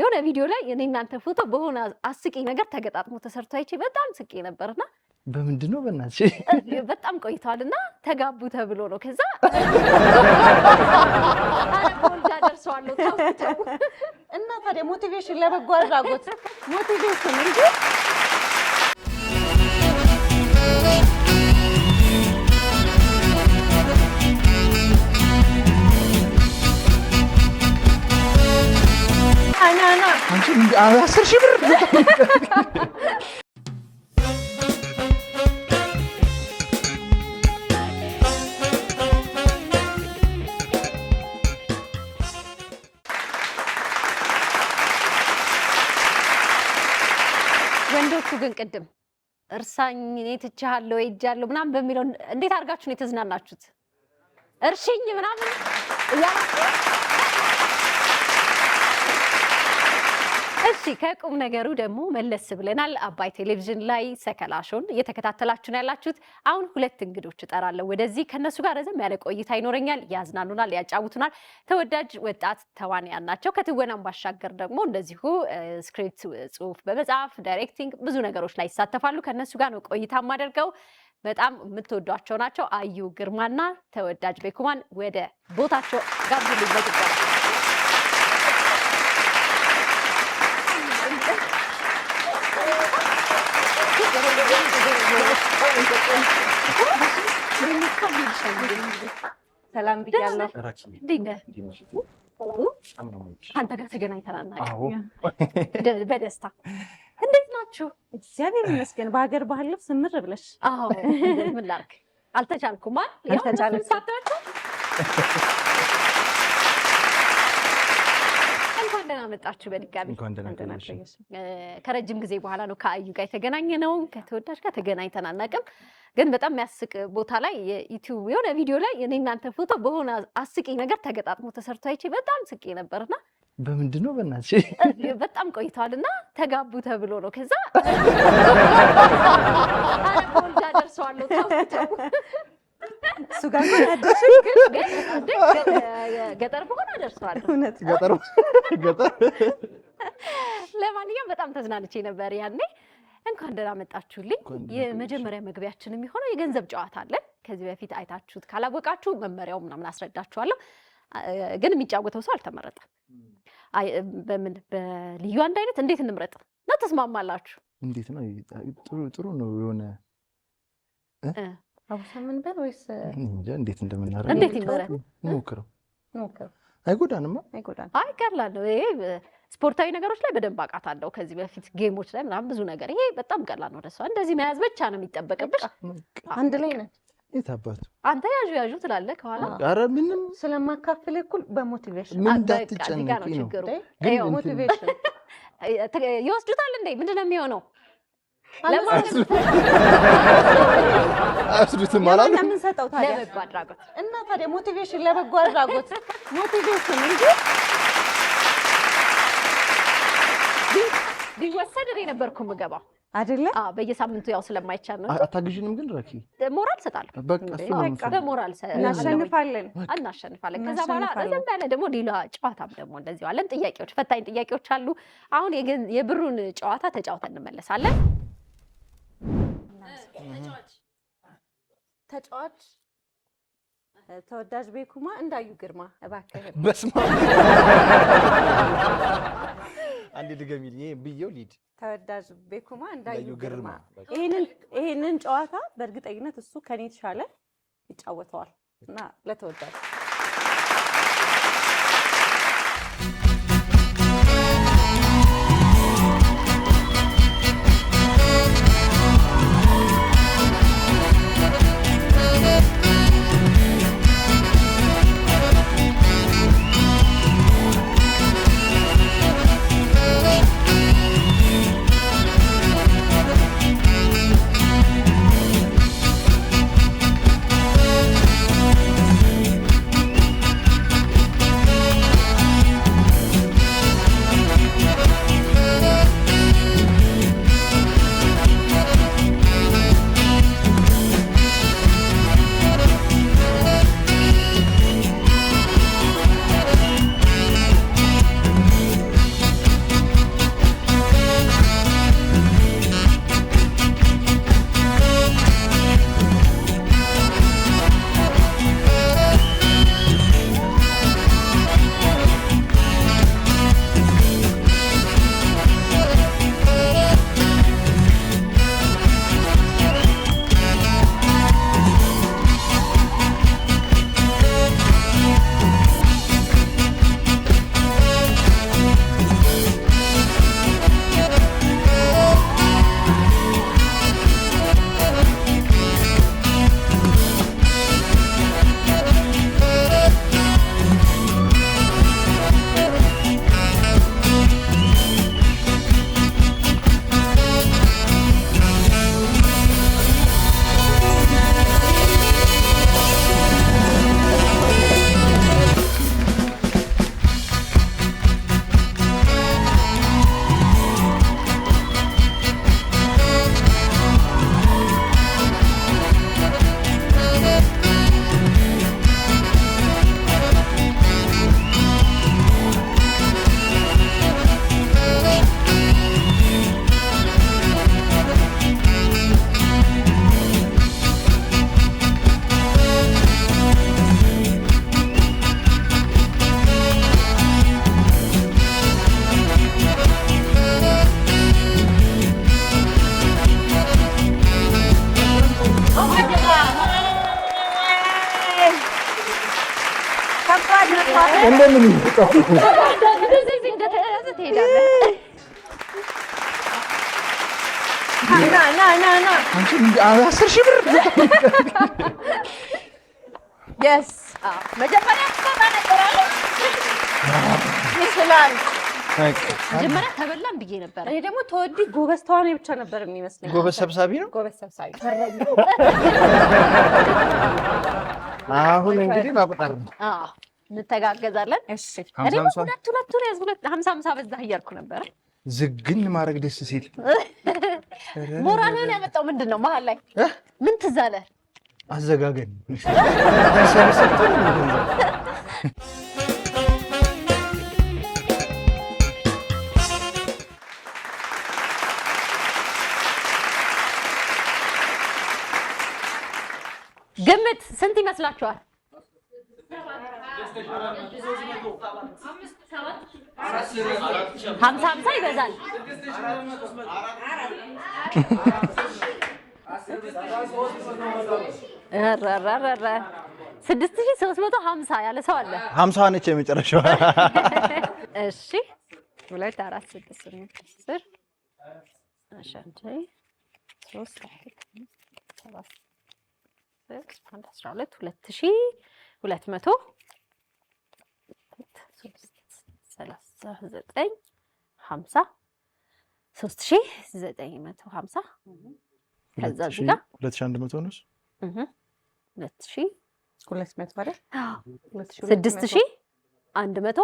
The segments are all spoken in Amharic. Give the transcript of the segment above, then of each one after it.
የሆነ ቪዲዮ ላይ እኔ እናንተ ፎቶ በሆነ አስቂኝ ነገር ተገጣጥሞ ተሰርቶ አይቼ በጣም ስቄ ነበርና በምንድን ነው በእናትሽ በጣም ቆይተዋል እና ተጋቡ ተብሎ ነው። ከዛ ወልዳ ደርሰዋለሁ እና ታዲያ ሞቲቬሽን ለበጎ አድራጎት ሞቲቬሽን እንጂ አስር ሺህ ብር ወንዶቹ ግን ቅድም እርሳኝ እኔ ትችሃለሁ ሄጃለሁ ምናምን በሚለው እንዴት አድርጋችሁ ነው የተዝናናችሁት? እርሽኝ ምናምን እያላችሁ እስቲ ከቁም ነገሩ ደግሞ መለስ ብለናል። አባይ ቴሌቪዥን ላይ ሰከላሾን እየተከታተላችሁን ያላችሁት አሁን ሁለት እንግዶች እጠራለሁ ወደዚህ። ከነሱ ጋር ረዘም ያለ ቆይታ ይኖረኛል። ያዝናኑናል፣ ያጫውቱናል። ተወዳጅ ወጣት ተዋንያን ናቸው። ከትወናም ባሻገር ደግሞ እንደዚሁ ስክሪፕት፣ ጽሁፍ በመጻፍ ዳይሬክቲንግ፣ ብዙ ነገሮች ላይ ይሳተፋሉ። ከነሱ ጋር ነው ቆይታ ማደርገው። በጣም የምትወዷቸው ናቸው። አዩ ግርማና ተወዳጅ ቤኩማን ወደ ቦታቸው ጋር ሰላም ብያለሁ። አንተ ጋር ተገናኝተናል። በደስታ እንዴት ናችሁ? እግዚአብሔር ይመስገን። በሀገር ባህል ልብስ ምር ብለሽ። ምን ላድርግ፣ አልተቻልኩም። አልተቻልኩም ደህና መጣችሁ በድጋሚ ከረጅም ጊዜ በኋላ ነው ከአዩ ጋር የተገናኘ ነው። ከተወዳጅ ጋር ተገናኝተን አናውቅም፣ ግን በጣም የሚያስቅ ቦታ ላይ ዩቲዩብ የሆነ ቪዲዮ ላይ እኔ እናንተ ፎቶ በሆነ አስቂኝ ነገር ተገጣጥሞ ተሰርቶ አይቼ በጣም ስቄ ነበርና በምንድን ነው በእናት በጣም ቆይተዋል እና ተጋቡ ተብሎ ነው። ከዛ ደርሰዋለሁ እሱ ጋር ገጠር በሆነ አደርሰዋለሁ። ለማንኛውም በጣም ተዝናንቼ ነበር ያኔ። እንኳን ደህና መጣችሁልኝ። የመጀመሪያ መግቢያችን የሚሆነው የገንዘብ ጨዋታ አለን። ከዚህ በፊት አይታችሁት ካላወቃችሁ መመሪያው ምናምን አስረዳችኋለሁ። ግን የሚጫወተው ሰው አልተመረጠም። በምን በልዩ አንድ አይነት እንዴት እንምረጥ ነው? ተስማማላችሁ? እንዴት ነው? ጥሩ ነው የሆነ አቡሳ ምን በል ወይስ እንጃ እንዴት እንደምናደርገው እንዴት ይበረ ሞክረው ሞክረው አይጎዳንማ። አይጎዳን አይቀርላል። ይሄ ስፖርታዊ ነገሮች ላይ በደንብ አውቃታለሁ። ከዚህ በፊት ጌሞች ላይ ምናምን ብዙ ነገር ይሄ በጣም ቀላል ነው። ደስ እንደዚህ መያዝ ብቻ ነው የሚጠበቅብሽ። አንድ ላይ ነን። የት አባቱ አንተ ያዥ ያዥ ትላለህ ከኋላ። ኧረ ምንም ስለማካፍል እኩል በሞቲቬሽን ምን እንዳትጨነቂ ነው ግን ሞቲቬሽን ይወስዱታል እንዴ? ምንድን ነው የሚሆነው? አይወስዱትም ማለት ነው። የምንሰጠው ታዲያ ለበጎ አድራጎት እና ታዲያ ሞቲቬሽን ለበጎ አድራጎት ሞቲቬሽን እንጂ ቢወሰድ እኔ ነበርኩ የምገባው አይደለ? አዎ፣ በየሳምንቱ ያው ስለማይቻል ነው። አታግዥንም ግን ረኪ ሞራል በቃ እሱ ነው። በሞራል እናሸንፋለን፣ እናሸንፋለን። ከዛ በኋላ ደግሞ ሌላ ጨዋታም ደግሞ እንደዚህ አለን። ጥያቄዎች፣ ፈታኝ ጥያቄዎች አሉ። አሁን የብሩን ጨዋታ ተጫውተን እንመለሳለን። ተጫዋች ተወዳጅ ቤኩማ እንዳዩ ግርማ እባክህ በስማ አንዴ ድገሚል ብየው ሊድ ተወዳጅ ቤኩማ እንዳዩ ግርማ ይሄንን ጨዋታ በእርግጠኝነት እሱ ከኔ የተሻለ ይጫወተዋል እና ለተወዳጅ እንደምን አስር ሺህ ብር መጀመሪያ ይችላል። ተበላን ብዬ ነበረ። ይሄ ደግሞ ተወዲ ጎበዝ ተዋናይ ብቻ ነበር የሚመስለኝ። ጎበዝ ሰብሳቢ ነው። ጎበዝ ሰብሳቢ። አሁን እንግዲህ ማቁጠር ነው። እንተጋገዛለን። ሁለት ሁለቱን ያዝ፣ ሀምሳ ሀምሳ በዛ እያልኩ ነበረ። ዝግን ማድረግ ደስ ሲል ሞራልን ያመጣው ምንድን ነው? መሀል ላይ ምን ትዝ አለ? አዘጋገን ግምት ስንት ይመስላችኋል? ሀምሳ ሀምሳ ይበዛል። ስድስት ሺህ ሦስት መቶ ሀምሳ ያለ ሰው አለ። ሀምሳ ነች የመጨረሻው። እሺ ሁለት አራት ስድስት ሁለት ሺህ ሁለት መቶ ስድስት ሰላሳ ዘጠኝ ሀምሳ ሶስት ሺህ ዘጠኝ መቶ ሀምሳ ከዛ እዚህ ጋር ሁለት ሺህ አንድ መቶ ነች። ሁለት ሺህ ሁለት መቶ አይደል? ስድስት ሺህ አንድ መቶ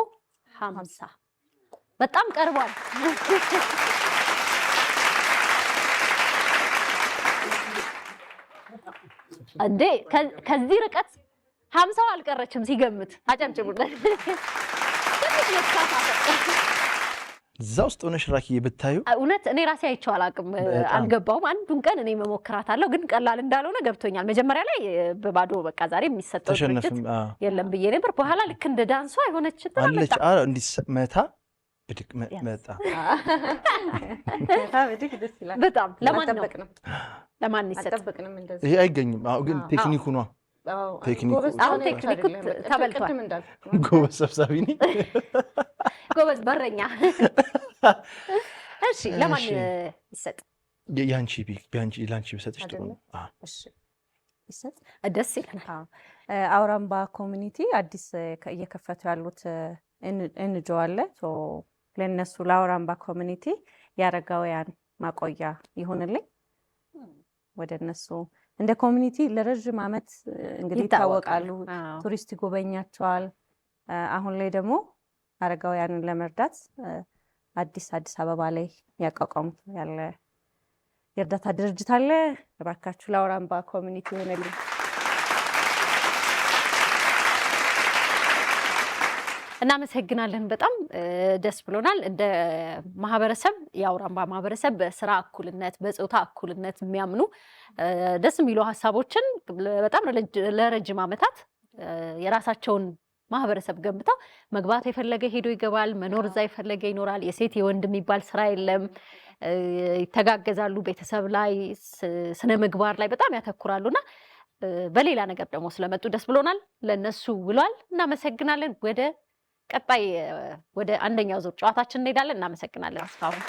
ሀምሳ በጣም ቀርቧል። እንዴ ከዚህ ርቀት ሀምሳው አልቀረችም። ሲገምት አጨብጭቡለት። እዛ ውስጥ ሆነሽ ራኪ ብታዩ እውነት እኔ ራሴ አይቼው አላውቅም፣ አልገባውም። አንዱን ቀን እኔ መሞክራታለሁ፣ ግን ቀላል እንዳልሆነ ገብቶኛል። መጀመሪያ ላይ በባዶ በቃ ዛሬ የሚሰጠው ድርጅት የለም ብዬ ነበር። በኋላ ልክ እንደ ዳንሷ የሆነች አለች እንዲመታ ብድቅ መጣ። በጣም ለማን ነው ለማን ይሰጥ? ይሄ አይገኝም፣ ግን ቴክኒኩ ነው ቴክኒክ አሁን ተበልቷል። ጎበዝ ሰብሳቢ ነኝ፣ ጎበዝ በረኛ። እሺ ለማን ይሰጥ? የአንቺ ብሰጥሽ ጥሩ ነው። ደስ ይለናል። አውራምባ ኮሚኒቲ አዲስ እየከፈቱ ያሉት እንጆ አለ ለእነሱ ለአውራምባ ኮሚኒቲ የአረጋውያን ማቆያ ይሁንልኝ ወደ እነሱ እንደ ኮሚኒቲ ለረዥም ዓመት እንግዲህ ይታወቃሉ። ቱሪስት ይጎበኛቸዋል። አሁን ላይ ደግሞ አረጋውያንን ለመርዳት አዲስ አዲስ አበባ ላይ ያቋቋሙት ያለ የእርዳታ ድርጅት አለ። እባካችሁ ለአውራምባ ኮሚኒቲ ይሆነልኝ። እናመሰግናለን። በጣም ደስ ብሎናል። እንደ ማህበረሰብ የአውራምባ ማህበረሰብ በስራ እኩልነት፣ በፆታ እኩልነት የሚያምኑ ደስ የሚሉ ሀሳቦችን በጣም ለረጅም ዓመታት የራሳቸውን ማህበረሰብ ገንብተው መግባት የፈለገ ሄዶ ይገባል፣ መኖር እዛ የፈለገ ይኖራል። የሴት የወንድ የሚባል ስራ የለም። ይተጋገዛሉ። ቤተሰብ ላይ ስነ ምግባር ላይ በጣም ያተኩራሉና በሌላ ነገር ደግሞ ስለመጡ ደስ ብሎናል። ለእነሱ ውሏል። እናመሰግናለን ወደ ቀጣይ ወደ አንደኛው ዙር ጨዋታችን እንሄዳለን። እናመሰግናለን እስካሁን